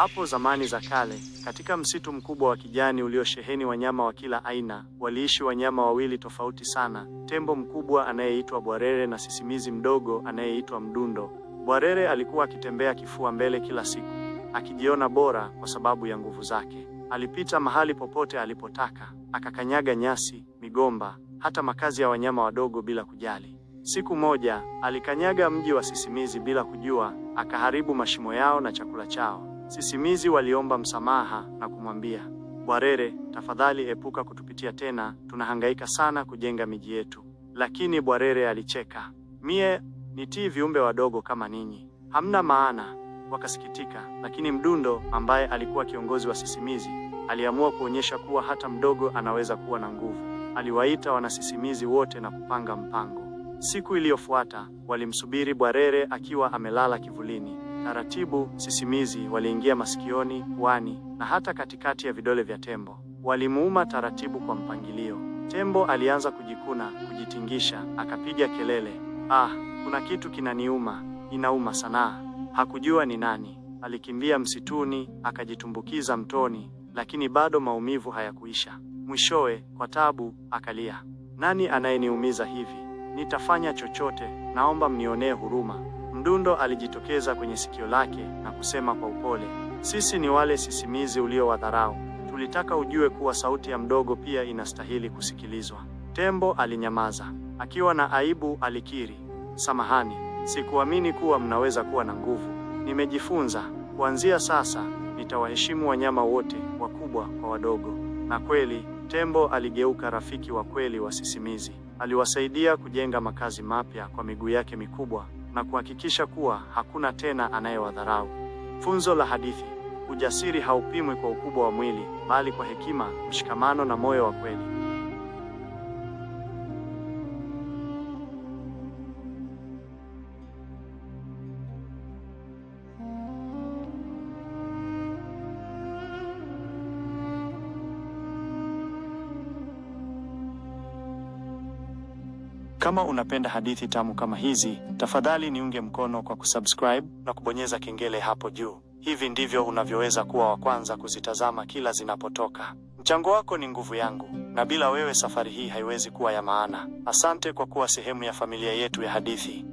Hapo zamani za kale, katika msitu mkubwa wa kijani uliosheheni wanyama wa kila aina, waliishi wanyama wawili tofauti sana, tembo mkubwa anayeitwa Bwarere na sisimizi mdogo anayeitwa Mdundo. Bwarere alikuwa akitembea kifua mbele kila siku, akijiona bora kwa sababu ya nguvu zake. Alipita mahali popote alipotaka, akakanyaga nyasi, migomba, hata makazi ya wanyama wadogo bila kujali. Siku moja, alikanyaga mji wa sisimizi bila kujua, akaharibu mashimo yao na chakula chao. Sisimizi waliomba msamaha na kumwambia Bwarere, tafadhali epuka kutupitia tena, tunahangaika sana kujenga miji yetu. Lakini Bwarere alicheka, mie nitii viumbe wadogo kama ninyi, hamna maana. Wakasikitika, lakini Mdundo ambaye alikuwa kiongozi wa sisimizi aliamua kuonyesha kuwa hata mdogo anaweza kuwa na nguvu. Aliwaita wanasisimizi wote na kupanga mpango. Siku iliyofuata walimsubiri Bwarere akiwa amelala kivulini. Taratibu sisimizi waliingia masikioni, puani na hata katikati ya vidole vya tembo. Walimuuma taratibu kwa mpangilio. Tembo alianza kujikuna, kujitingisha, akapiga kelele, ah, kuna kitu kinaniuma, inauma sana. Hakujua ni nani. Alikimbia msituni, akajitumbukiza mtoni, lakini bado maumivu hayakuisha. Mwishowe kwa tabu akalia, nani anayeniumiza hivi? Nitafanya chochote, naomba mnionee huruma. Mdundo alijitokeza kwenye sikio lake na kusema kwa upole, sisi ni wale sisimizi uliowadharau. Tulitaka ujue kuwa sauti ya mdogo pia inastahili kusikilizwa. Tembo alinyamaza, akiwa na aibu alikiri, samahani, sikuamini kuwa mnaweza kuwa na nguvu. Nimejifunza, kuanzia sasa nitawaheshimu wanyama wote, wakubwa kwa wadogo. Na kweli tembo aligeuka rafiki wa kweli wa sisimizi. Aliwasaidia kujenga makazi mapya kwa miguu yake mikubwa na kuhakikisha kuwa hakuna tena anayewadharau. Funzo la hadithi: ujasiri haupimwi kwa ukubwa wa mwili, bali kwa hekima, mshikamano na moyo wa kweli. Kama unapenda hadithi tamu kama hizi, tafadhali niunge mkono kwa kusubscribe na kubonyeza kengele hapo juu. Hivi ndivyo unavyoweza kuwa wa kwanza kuzitazama kila zinapotoka. Mchango wako ni nguvu yangu, na bila wewe safari hii haiwezi kuwa ya maana. Asante kwa kuwa sehemu ya familia yetu ya hadithi.